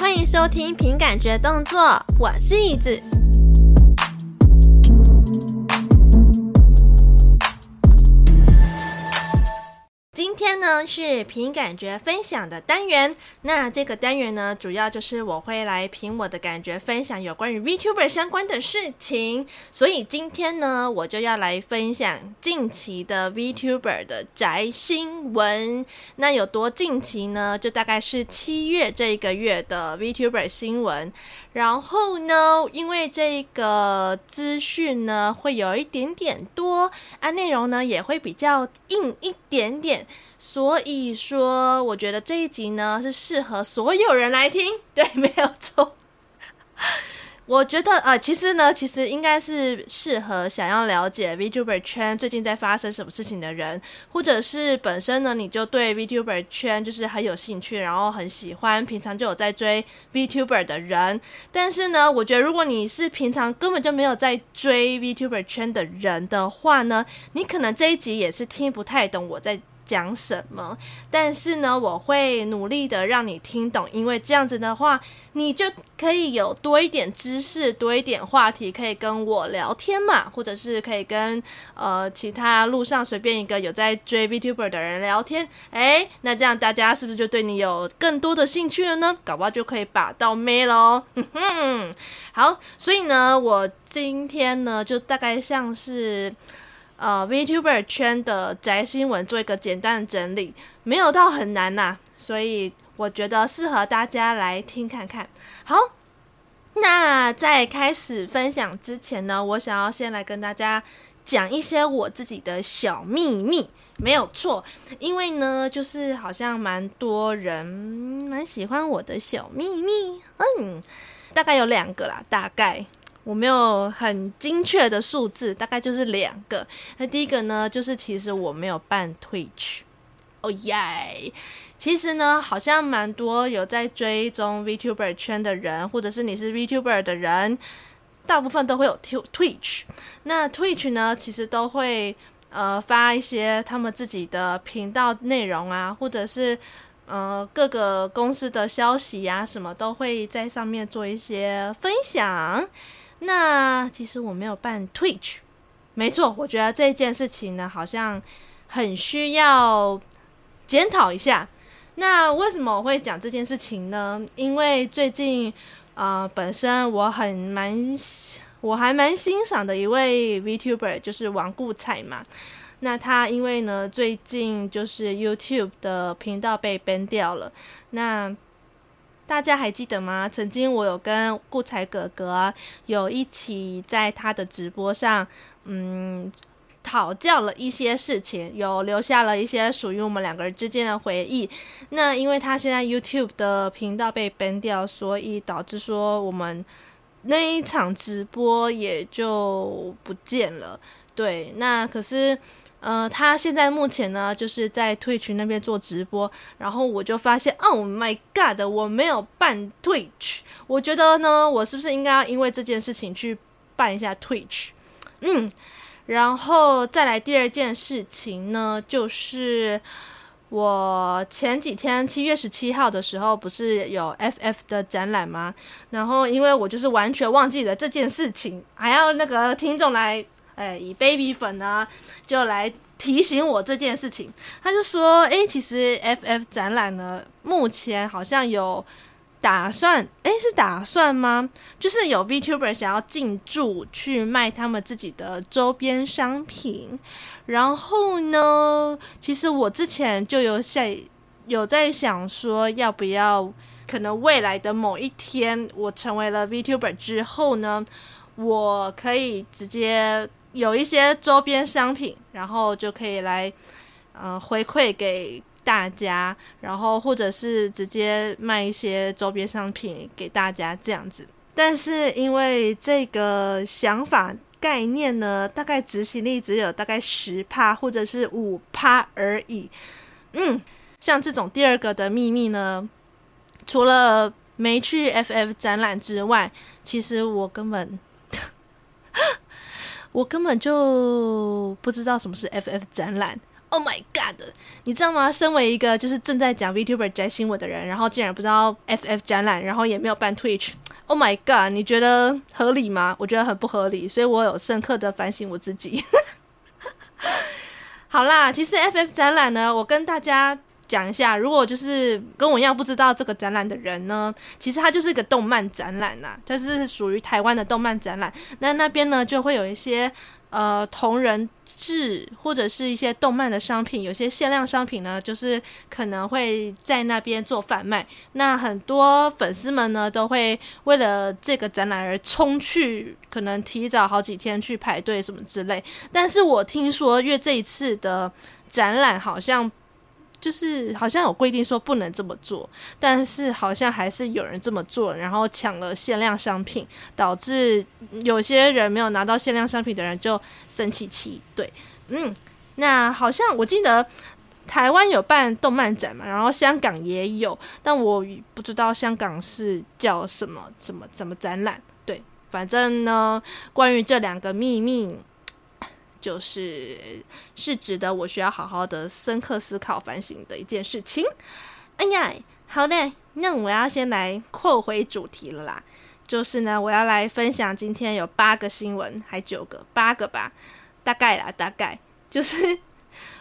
歡迎收聽《憑感覺動作》，我是怡子。呢是憑感覺分享的單元，那這個單元呢，主要就是我會來憑我的感覺分享有關於 Vtuber 相關的事情，所以今天呢，我就要來分享近期的 Vtuber 的宅新聞。那有多近期呢？就大概是七月這一個月的 Vtuber 新聞。然後呢，因為這個資訊呢會有一點點多，啊內容呢也會比較硬一點點。所以說，我覺得這一集呢是適合所有人來聽，對，沒有錯。 我覺得呃，其實呢，其實應該是適合想要了解 Vtuber 圈最近在發生什麼事情的人，或者是本身呢，你就對 Vtuber 圈就是很有興趣，然後很喜歡平常就有在追 Vtuber 的人。但是呢，我覺得如果你是平常根本就沒有在追 Vtuber 圈的人的話呢，你可能這一集也是聽不太懂我在。講什麼？但是呢，我會努力的讓你聽懂，因為這樣子的話，你就可以有多一點知識，多一點話題，可以跟我聊天嘛，或者是可以跟呃其他路上隨便一個有在追 Vtuber 的人聊天。哎，那這樣大家是不是就對你有更多的興趣了呢？搞不好就可以把到妹嘍。 好，所以呢，我今天呢，就大概像是。呃，VTuber 圈的宅新聞做一個簡單的整理，沒有到很難吶、啊，所以我覺得適合大家來聽看看。好，那在開始分享之前呢，我想要先來跟大家講一些我自己的小秘密。沒有錯，因為呢，就是好像蠻多人蠻喜歡我的小秘密，嗯，大概有兩個啦，大概。我沒有很精確的數字，大概就是兩個。那第一個呢，就是其實我沒有辦 Twitch。哦耶！其實呢，好像蠻多有在追蹤 Vtuber 圈的人，或者是你是 Vtuber 的人，大部分都會有 Twitch。那 Twitch 呢，其實都會呃發一些他們自己的頻道內容啊，或者是呃各個公司的消息呀、啊，什麼都會在上面做一些分享。那其實我沒有辦 Twitch，沒錯，我覺得這件事情呢，好像很需要檢討一下。那為什麼我會講這件事情呢？因為最近，呃，本身我很蠻，我還蠻欣賞的一位 VTuber，就是王顧彩嘛。那他因為呢，最近就是 YouTube 的頻道被 ban 掉了，那。大家還記得嗎？曾經我有跟顧才哥哥有一起在他的直播上，嗯，討教了一些事情，有留下了一些屬於我們兩個人之間的回憶。那因為他現在 YouTube 的頻道被 ban 掉，所以導致說我們那一場直播也就不見了。對，那可是。呃，他現在目前呢，就是在 Twitch 那邊做直播，然後我就發現，Oh my god，我沒有辦 Twitch，我覺得呢，我是不是應該要因為這件事情去辦一下 Twitch？嗯，然後再來第二件事情呢，就是我前幾天七月十七號的時候，不是有 FF 的展覽嗎？然後因為我就是完全忘記了這件事情，還要那個聽眾來。誒、欸，以 Baby 粉呢，就來提醒我這件事情。他就說：“哎、欸，其實 FF 展覽呢，目前好像有打算，哎、欸，是打算嗎？就是有 VTuber 想要進駐去賣他們自己的周邊商品。然後呢，其實我之前就有想，有在想說，要不要可能未來的某一天，我成為了 VTuber 之後呢，我可以直接。”有一些周邊商品，然後就可以來，嗯、呃，回饋給大家，然後或者是直接賣一些周邊商品給大家這樣子。但是因為這個想法概念呢，大概執行力只有大概十趴或者是五趴而已。嗯，像這種第二個的秘密呢，除了沒去 FF 展覽之外，其實我根本。 我根本就不知道什麼是 FF 展覽，Oh my God！你知道嗎？身為一個就是正在講 VTuber 摘新聞的人，然後竟然不知道 FF 展覽，然後也沒有辦 Twitch，Oh my God！你覺得合理嗎？我覺得很不合理，所以我有深刻的反省我自己。 好啦，其實 FF 展覽呢，我跟大家。講一下，如果就是跟我一樣不知道這個展覽的人呢，其實它就是一個動漫展覽啦，啊。就是屬於台灣的動漫展覽。那那邊呢，就會有一些呃同人志或者是一些動漫的商品，有些限量商品呢，就是可能會在那邊做販賣。那很多粉絲們呢，都會為了這個展覽而衝去，可能提早好幾天去排隊什麼之類。但是我聽說，因為這一次的展覽好像。就是好像有規定說不能這麼做，但是好像還是有人這麼做，然後搶了限量商品，導致有些人沒有拿到限量商品的人就生氣氣。對，嗯，那好像我記得台灣有辦動漫展嘛，然後香港也有，但我不知道香港是叫什麼什麼什麼展覽。對，反正呢，關於這兩個秘密。就是是值得我需要好好的深刻思考反省的一件事情。哎呀，好的，那我要先來擴回主題了啦。就是呢，我要來分享今天有八個新聞，還九個，八個吧，大概啦，大概。就是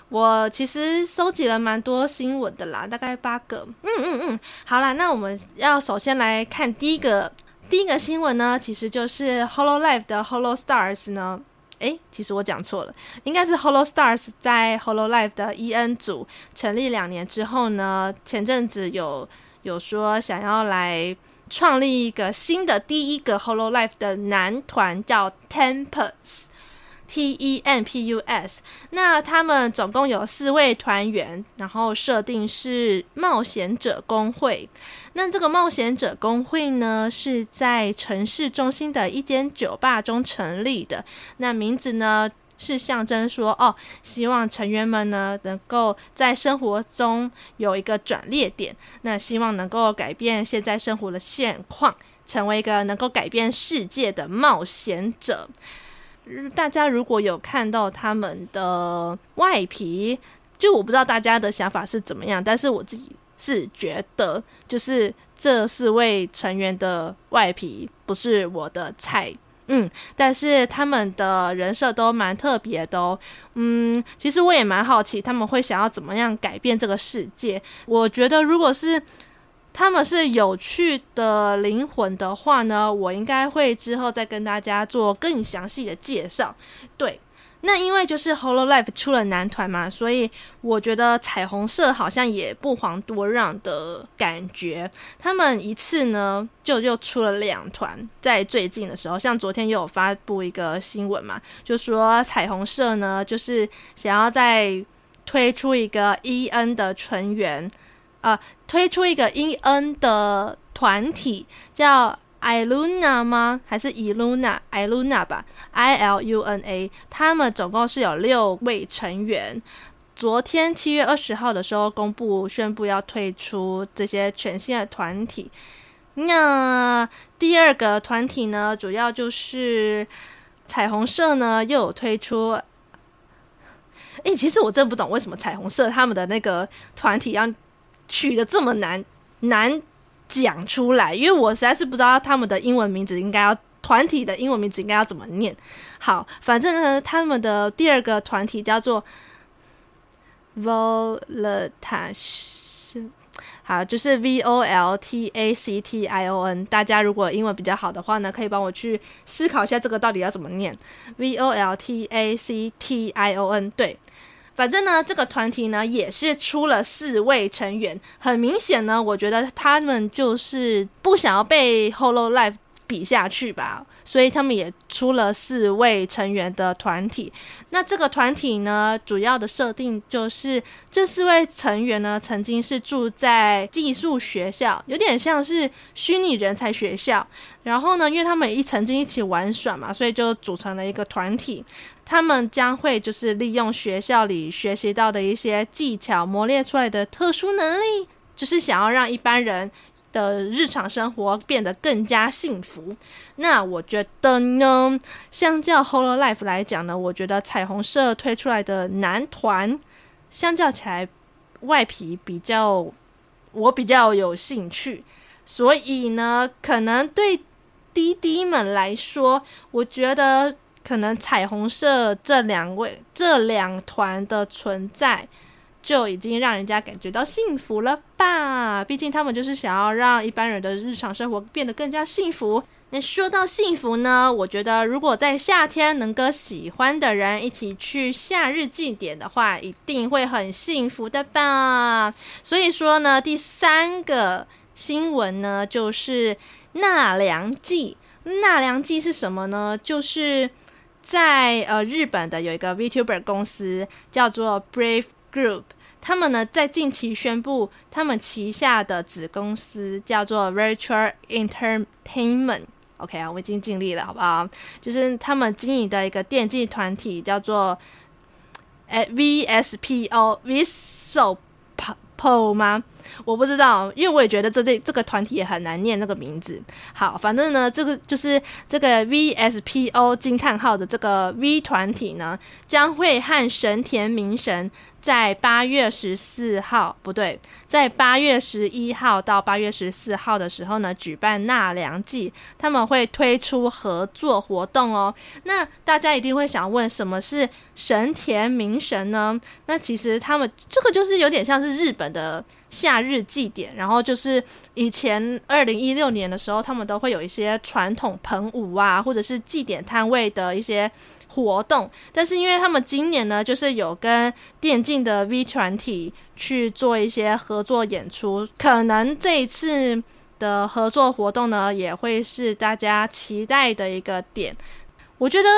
我其實收集了蠻多新聞的啦，大概八個。嗯嗯嗯，好啦，那我們要首先來看第一個第一個新聞呢，其實就是《Hololive》的《Holostars》呢。誒、欸，其實我講錯了，應該是《HoloStars》在《Hololive》的 EN 組成立兩年之後呢，前陣子有有說想要來創立一個新的第一個《Hololive》的男團，叫 TEMPUS。T E M P U S，那他們總共有四位團員，然後設定是冒險者公會。那這個冒險者公會呢，是在城市中心的一間酒吧中成立的。那名字呢，是象徵說哦，希望成員們呢，能夠在生活中有一個轉捩點，那希望能夠改變現在生活的現況，成為一個能夠改變世界的冒險者。大家如果有看到他們的外皮，就我不知道大家的想法是怎麼樣，但是我自己是覺得，就是這四位成員的外皮不是我的菜。嗯，但是他們的人設都蠻特別的哦。嗯，其實我也蠻好奇他們會想要怎麼樣改變這個世界。我覺得如果是。他們是有趣的靈魂的話呢，我應該會之後再跟大家做更詳細的介紹。對，那因為就是 Hololive 出了男團嘛，所以我覺得彩虹社好像也不遑多讓的感覺。他們一次呢就又出了兩團，在最近的時候，像昨天又有發布一個新聞嘛，就說彩虹社呢就是想要再推出一個 EN 的成員。啊、呃，推出一個 EN 的團體叫 IUNA 嗎？還是 ILUNA？IUNA、e、吧，I L U N A。他們總共是有六位成員。昨天七月二十號的時候，公布宣布要推出這些全新的團體。那第二個團體呢，主要就是彩虹社呢，又有推出。誒，其實我真不懂為什麼彩虹社他們的那個團體要。取得這麼難，難講出來，因為我實在是不知道他們的英文名字應該要團體的英文名字應該要怎麼念。好，反正呢，他們的第二個團體叫做 VOLTACTION，好，就是 V O L T A C T I O N。大家如果英文比較好的話呢，可以幫我去思考一下這個到底要怎麼念。V O L T A C T I O N，對。反正呢，這個團體呢，也是出了四位成員，很明顯呢，我覺得他們就是不想要被 Hololive。比下去吧，所以他們也出了四位成員的團體。那這個團體呢，主要的設定就是這四位成員呢，曾經是住在寄宿學校，有點像是虛擬人才學校。然後呢，因為他們也一曾經一起玩耍嘛，所以就組成了一個團體。他們將會就是利用學校裡學習到的一些技巧，磨練出來的特殊能力，就是想要讓一般人。的日常生活變得更加幸福。那我覺得呢，相較 Hololive 來講呢，我覺得彩虹社推出來的男團，相較起來外皮比較我比較有興趣。所以呢，可能對滴滴們來說，我覺得可能彩虹社這兩位這兩團的存在。就已經讓人家感覺到幸福了吧？畢竟他們就是想要讓一般人的日常生活變得更加幸福。那說到幸福呢，我覺得如果在夏天能跟喜歡的人一起去夏日祭典的話，一定會很幸福的吧。所以說呢，第三個新聞呢，就是納涼祭。納涼祭是什麼呢？就是在呃日本的有一個 Vtuber 公司叫做 Brave Group。他們呢，在近期宣布，他們旗下的子公司叫做 Virtual Entertainment，OK 啊，我已經盡力了，好不好？就是他們經營的一個電競團體，叫做誒 VSPO VSOPO 嗎？我不知道，因為我也覺得這這這個團體也很難念那個名字。好，反正呢，這個就是這個 V S P O 驚嘆號的這個 V 團體呢，將會和神田明神在八月十四號不對，在八月十一號到八月十四號的時候呢，舉辦納涼祭，他們會推出合作活動哦。那大家一定會想問，什麼是神田明神呢？那其實他們這個就是有點像是日本的。夏日祭典，然後就是以前二零一六年的時候，他們都會有一些傳統盆舞啊，或者是祭典攤位的一些活動。但是因為他們今年呢，就是有跟電競的 V 團體去做一些合作演出，可能這一次的合作活動呢，也會是大家期待的一個點。我覺得。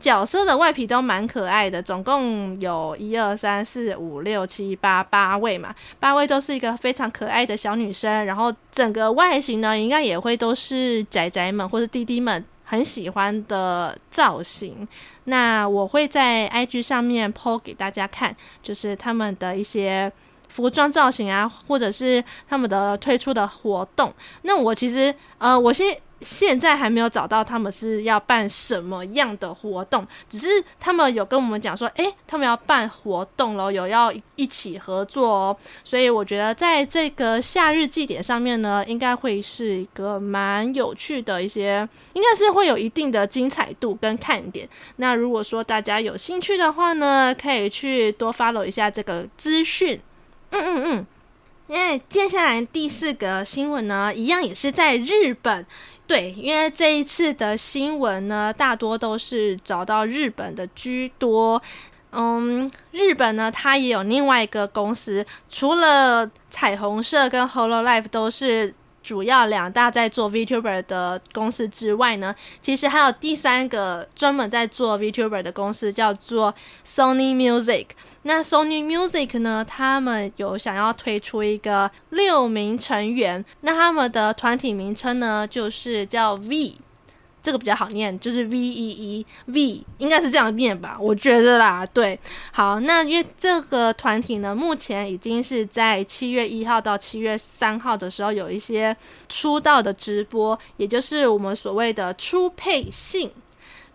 角色的外皮都蠻可愛的，總共有一二三四五六七八八位嘛，八位都是一個非常可愛的小女生，然後整個外形呢，應該也會都是宅宅們或者弟弟們很喜歡的造型。那我會在 IG 上面 PO 給大家看，就是他們的一些服裝造型啊，或者是他們的推出的活動。那我其實呃，我先。現在還沒有找到他們是要辦什麼樣的活動，只是他們有跟我們講說，誒，他們要辦活動咯，有要一起合作哦。所以我覺得在這個夏日祭典上面呢，應該會是一個蠻有趣的一些，應該是會有一定的精彩度跟看點。那如果說大家有興趣的話呢，可以去多 follow 一下這個資訊。嗯嗯嗯。因為、yeah, 接下來第四個新聞呢，一樣也是在日本。對，因為這一次的新聞呢，大多都是找到日本的居多。嗯，日本呢，它也有另外一個公司，除了彩虹社跟 Hololive 都是主要兩大在做 VTuber 的公司之外呢，其實還有第三個專門在做 VTuber 的公司，叫做 Sony Music。那 Sony Music 呢，他們有想要推出一個六名成員，那他們的團體名稱呢，就是叫 V，這個比較好念，就是 V E E V，應該是這樣的念吧？我覺得啦，對，好，那因為這個團體呢，目前已經是在七月一號到七月三號的時候有一些出道的直播，也就是我們所謂的初配信。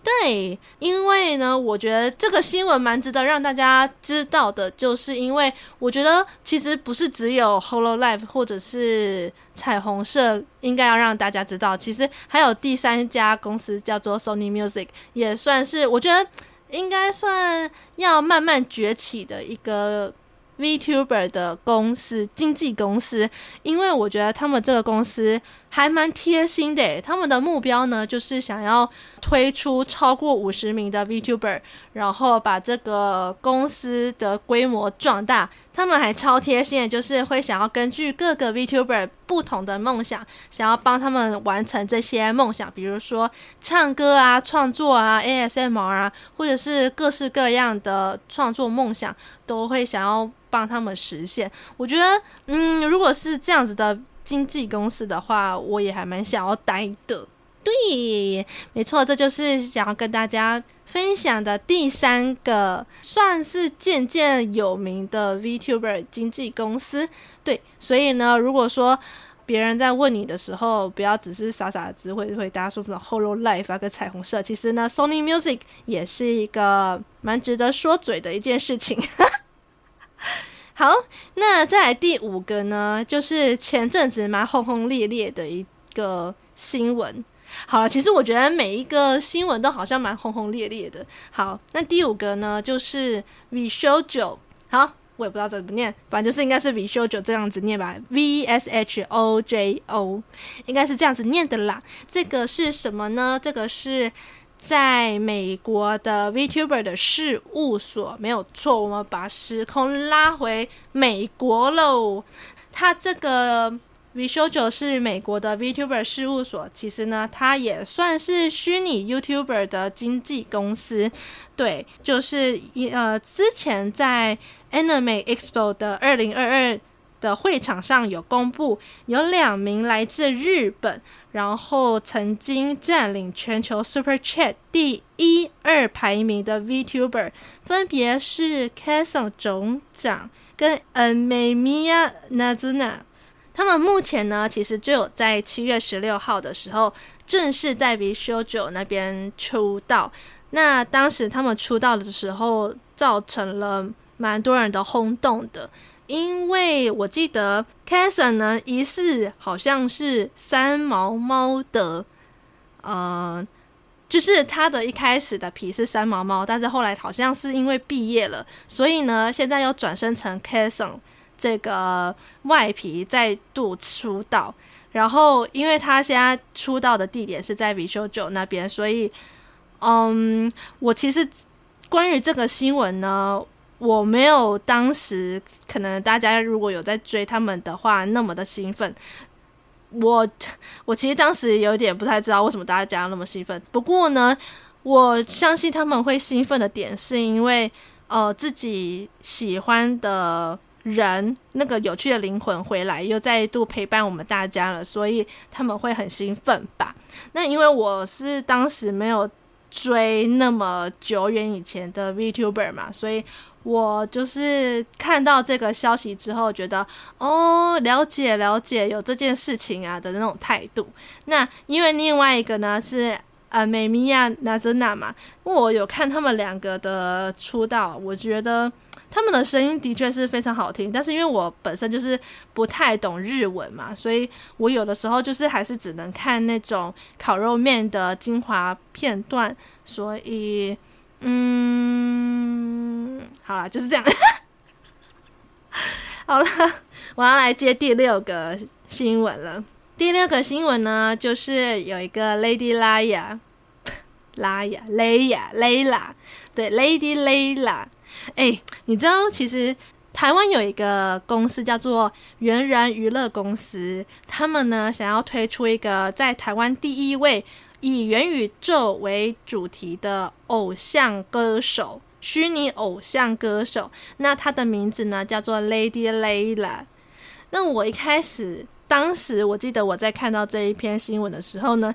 對，因為呢，我覺得這個新聞蠻值得讓大家知道的，就是因為我覺得其實不是只有 Hololive 或者是彩虹社應該要讓大家知道，其實還有第三家公司叫做 Sony Music，也算是我覺得應該算要慢慢崛起的一個 VTuber 的公司經紀公司，因為我覺得他們這個公司。還蠻貼心的，欸，他們的目標呢，就是想要推出超過五十名的 Vtuber，然後把這個公司的規模壯大。他們還超貼心的，就是會想要根據各個 Vtuber 不同的夢想，想要幫他們完成這些夢想，比如說唱歌啊、創作啊、ASMR 啊，或者是各式各樣的創作夢想，都會想要幫他們實現。我覺得，嗯，如果是這樣子的。經紀公司的話，我也還蠻想要待的。對，沒錯，這就是想要跟大家分享的第三個，算是漸漸有名的 VTuber 經紀公司。對，所以呢，如果說別人在問你的時候，不要只是傻傻的只會會大家說什麼：「Hololive」啊，跟彩虹社。其實呢，Sony Music 也是一個蠻值得說嘴的一件事情。呵呵好，那再來第五個呢，就是前陣子蠻轟轟烈烈的一個新聞。好了，其實我覺得每一個新聞都好像蠻轟轟烈烈的。好，那第五個呢，就是 Vshojo。好，我也不知道怎麼念，反正就是應該是 Vshojo 這樣子念吧，V S H O J O，應該是這樣子念的啦。這個是什麼呢？這個是。在美國的 VTuber 的事務所，沒有錯，我們把時空拉回美國嘍。他這個 Vshojo 是美國的 VTuber 事務所，其實呢，它也算是虛擬 YouTuber 的經紀公司。對，就是一呃，之前在 Anime Expo 的二零二二的會場上有公布，有兩名來自日本。然後曾經佔領全球 Super Chat 第一、二排名的 VTuber 分別是 kson 總長跟 Amemiya Nazuna。他們目前呢，其實就在七月十六號的時候，正式在 VShojo 那邊出道。那當時他們出道的時候，造成了蠻多人的轟動的。因為我記得 KSON 呢，疑似好像是三毛貓的，呃，就是他的一開始的皮是三毛貓，但是後來好像是因為畢業了，所以呢，現在又轉生成 KSON 這個外皮再度出道。然後，因為他現在出道的地點是在 Vshojo 那邊，所以，嗯，我其實關於這個新聞呢。我沒有當時可能大家如果有在追他們的話，那麼的興奮，我我其實當時有點不太知道為什麼大家那麼興奮。不過呢，我相信他們會興奮的點是因為呃，自己喜歡的人，那個有趣的靈魂回來又再度陪伴我們大家了，所以他們會很興奮吧。那因為我是當時沒有追那麼久遠以前的 Vtuber 嘛，所以。我就是看到這個消息之後，覺得哦，了解了解，有這件事情啊的那種態度。那因為另外一個呢是呃、啊、飴宮なずな嘛，我有看他們兩個的出道，我覺得他們的聲音的確是非常好聽。但是因為我本身就是不太懂日文嘛，所以我有的時候就是還是只能看那種烤肉面的精華片段。所以嗯。好了，就是這樣。 好了，我要來接第六個新聞了。第六個新聞呢，就是有一個 L L aya, L aya, L aya, Lay la, Lady Laya，Laya，Laya，Layla，對，Lady Layla。哎、欸，你知道，其實台灣有一個公司叫做元人娛樂公司，他們呢想要推出一個在台灣第一位以元宇宙為主題的偶像歌手。虛擬偶像歌手，那他的名字呢，叫做 Lady Layla。那我一開始，當時我記得我在看到這一篇新聞的時候呢，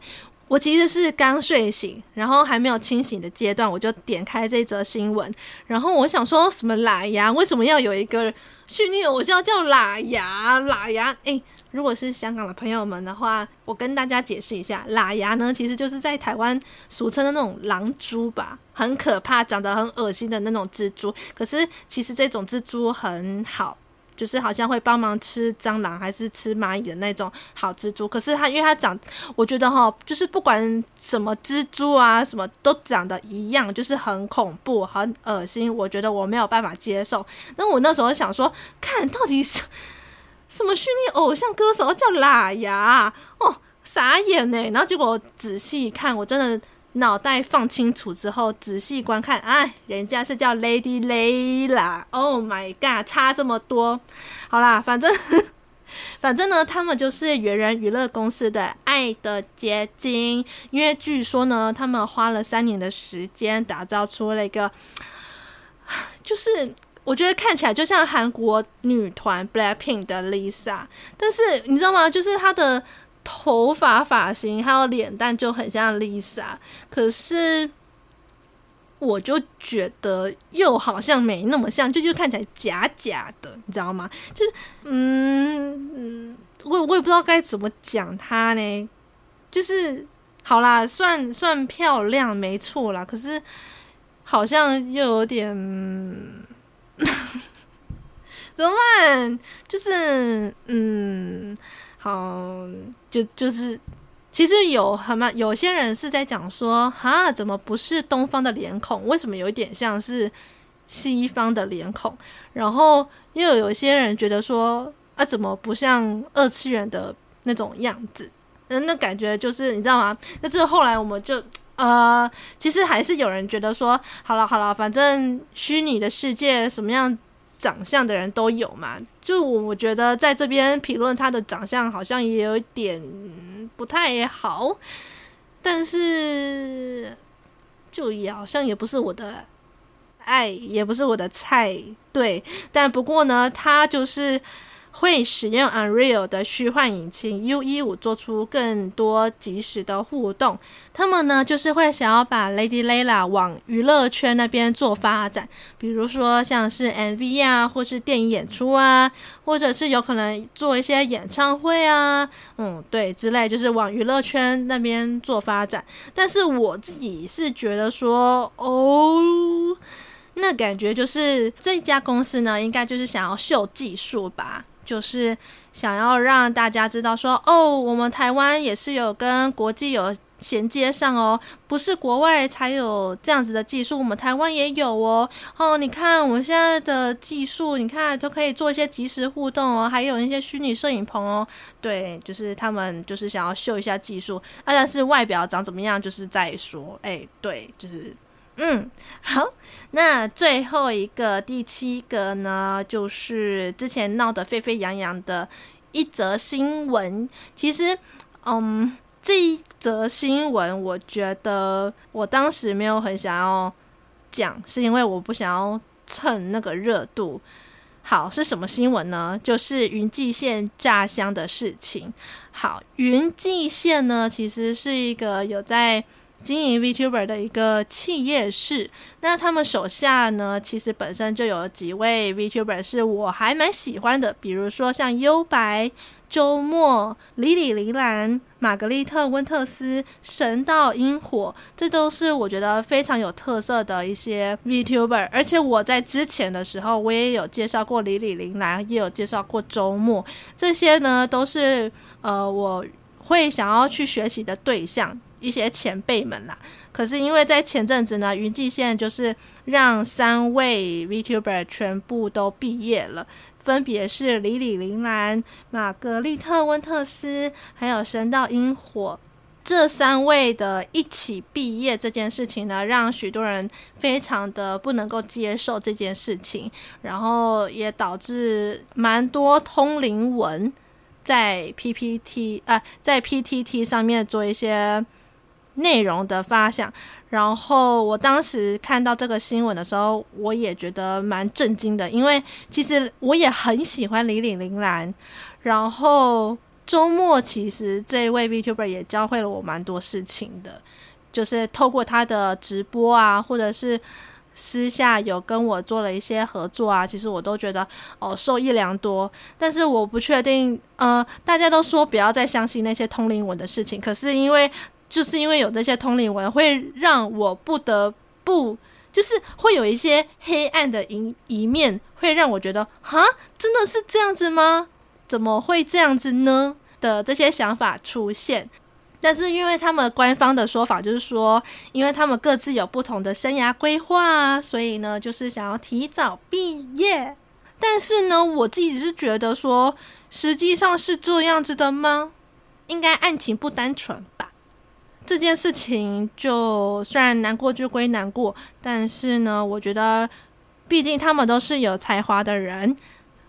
我其實是剛睡醒，然後還沒有清醒的階段，我就點開這則新聞，然後我想說什麼？喇牙？為什麼要有一個虛擬偶像叫喇牙？喇牙？哎、欸。如果是香港的朋友們的話，我跟大家解釋一下，喇牙呢，其實就是在台灣俗稱的那種狼蛛吧，很可怕，長得很噁心的那種蜘蛛。可是其實這種蜘蛛很好，就是好像會幫忙吃蟑螂還是吃螞蟻的那種好蜘蛛。可是它因為它長，我覺得哈、喔，就是不管什麼蜘蛛啊，什麼都長得一樣，就是很恐怖、很噁心，我覺得我沒有辦法接受。那我那時候想說，看到底是。什麼虛擬偶像歌手叫喇牙哦，傻眼呢！然後結果仔細一看，我真的腦袋放清楚之後仔細觀看啊、哎，人家是叫 Lady Layla。Oh my god，差這麼多！好啦，反正呵呵反正呢，他們就是元人娛樂公司的愛的結晶，因為據說呢，他們花了三年的時間打造出了一個，就是。我覺得看起來就像韓國女團 BLACKPINK 的 Lisa，但是你知道嗎？就是她的頭髮髮型還有臉蛋就很像 Lisa，可是我就覺得又好像沒那麼像，就就看起來假假的，你知道嗎？就是嗯嗯，我我也不知道該怎麼講她呢，就是好啦，算算漂亮沒錯啦，可是好像又有點。嗯 怎麼辦？就是嗯，好，就就是，其實有很嘛，有些人是在講說，哈，怎麼不是東方的臉孔？為什麼有一點像是西方的臉孔？然後又有一些人覺得說，啊，怎麼不像二次元的那種樣子？嗯，那感覺就是你知道嗎？那這後來我們就。呃，其實還是有人覺得說，好了好了，反正虛擬的世界什麼樣長相的人都有嘛。就我覺得在這邊評論他的長相，好像也有一點不太好。但是，就也好像也不是我的愛，也不是我的菜。對，但不過呢，他就是。會使用 Unreal 的虛幻引擎 UE5 做出更多即時的互動。他們呢，就是會想要把 Lady Layla 往娛樂圈那邊做發展，比如說像是 MV 啊，或是電影演出啊，或者是有可能做一些演唱會啊，嗯，對，之類，就是往娛樂圈那邊做發展。但是我自己是覺得說，哦，那感覺就是這家公司呢，應該就是想要秀技術吧。就是想要讓大家知道說，說哦，我們台灣也是有跟國際有銜接上哦，不是國外才有這樣子的技術，我們台灣也有哦。哦，你看我們現在的技術，你看都可以做一些即時互動哦，還有一些虛擬攝影棚哦。對，就是他們就是想要秀一下技術啊，但是外表長怎麼樣就是再說。哎、欸，對，就是。嗯，好，那最後一個第七個呢，就是之前鬧得沸沸揚揚的一則新聞。其實，嗯，這一則新聞，我覺得我當時沒有很想要講，是因為我不想要蹭那個熱度。好，是什麼新聞呢？就是雲際線炸香的事情。好，雲際線呢，其實是一個有在。經營 VTuber 的一個企業是，那他們手下呢，其實本身就有幾位 VTuber 是我還蠻喜歡的，比如說像優白、周末、李李琳蘭、瑪格麗特、溫特斯、神道櫻火，這都是我覺得非常有特色的一些 VTuber，而且我在之前的時候，我也有介紹過李李琳蘭，也有介紹過周末，這些呢都是呃我會想要去學習的對象，一些前輩們啦、啊，可是因為在前陣子呢，雲際線就是讓三位 Vtuber 全部都畢業了，分別是李李琳蘭、瑪格麗特、溫特斯，還有神道英火這三位的一起畢業這件事情呢，讓許多人非常的不能夠接受這件事情，然後也導致蠻多通靈文在 PPT 啊，在 PTT 上面做一些。內容的發想，然後我當時看到這個新聞的時候，我也覺得蠻震驚的，因為其實我也很喜歡李李林蘭。然後周末其實這位 Vtuber 也教會了我蠻多事情的，就是透過他的直播啊，或者是私下有跟我做了一些合作啊，其實我都覺得哦受益良多。但是我不確定，嗯、呃，大家都說不要再相信那些通靈文的事情，可是因為。就是因為有這些通靈文，會讓我不得不，就是會有一些黑暗的一,一面，會讓我覺得，哈，真的是這樣子嗎？怎麼會這樣子呢？的這些想法出現，但是因為他們官方的說法就是說，因為他們各自有不同的生涯規劃，啊，所以呢，就是想要提早畢業。但是呢，我自己是覺得說，實際上是這樣子的嗎？應該案情不單純吧。這件事情就雖然難過就歸難過，但是呢，我覺得畢竟他們都是有才華的人，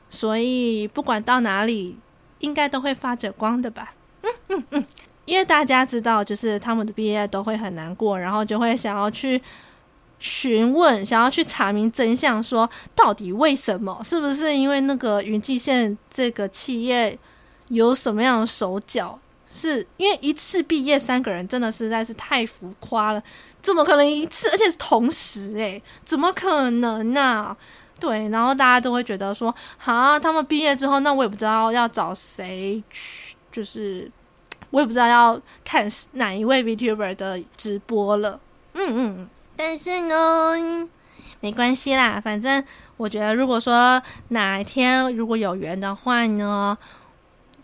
所以不管到哪裡，應該都會發着光的吧。嗯嗯嗯，因為大家知道，就是他們的畢業都會很難過，然後就會想要去詢問，想要去查明真相，說到底為什麼，是不是因為那個雲際線這個企業有什麼樣的手腳？是因為一次畢業三個人真的實在是太浮誇了，怎麼可能一次？而且是同時誒、欸，怎麼可能呢、啊？對，然後大家都會覺得說，好，他們畢業之後，那我也不知道要找誰去，就是我也不知道要看哪一位 VTuber 的直播了。嗯嗯，但是呢，沒關係啦，反正我覺得，如果說哪一天如果有緣的話呢，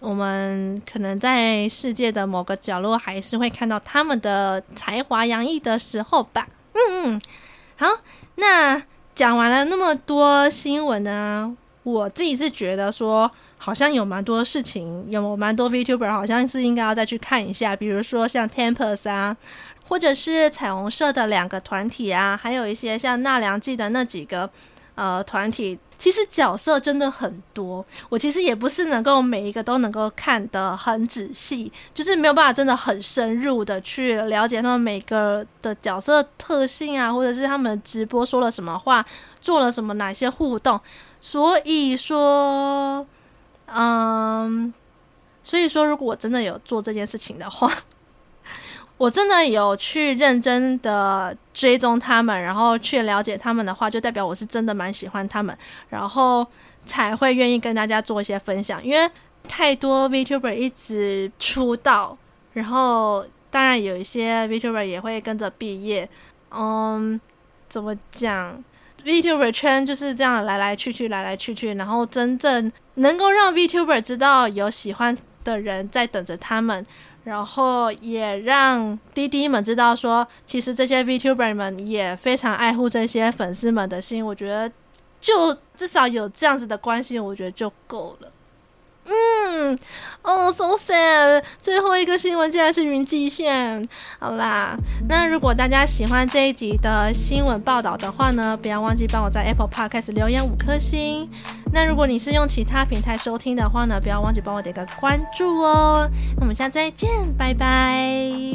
我們可能在世界的某個角落，還是會看到他們的才華洋溢的時候吧。嗯嗯，好，那講完了那麼多新聞呢，我自己是覺得說，好像有蠻多事情，有蠻多 VTuber 好像是應該要再去看一下，比如說像 TEMPUS 啊，或者是彩虹社的兩個團體啊，還有一些像納涼祭的那幾個。呃，團體其實角色真的很多，我其實也不是能夠每一個都能夠看得很仔細，就是沒有辦法真的很深入的去了解他們每個的角色的特性啊，或者是他們直播說了什麼話，做了什麼哪些互動。所以說，嗯，所以說如果我真的有做這件事情的話，我真的有去認真的追蹤他們，然後去了解他們的話，就代表我是真的蠻喜歡他們，然後才會願意跟大家做一些分享。因為太多 Vtuber 一直出道，然後當然有一些 Vtuber 也會跟着畢業。嗯，怎麼講？Vtuber 圈就是這樣來來去去，來來去去，然後真正能夠讓 Vtuber 知道有喜歡的人在等着他們。然後也讓滴滴們知道，說其實這些 VTuber 們也非常愛護這些粉絲們的心。我覺得，就至少有這樣子的關係，我覺得就夠了。嗯哦 so sad，最後一個新聞竟然是雲際線。好啦，那如果大家喜歡這一集的新聞報道的話呢，不要忘記幫我在 Apple Podcast 留言五顆星。那如果你是用其他平台收聽的話呢，不要忘記幫我點個關注哦。那我們下次再見，拜拜。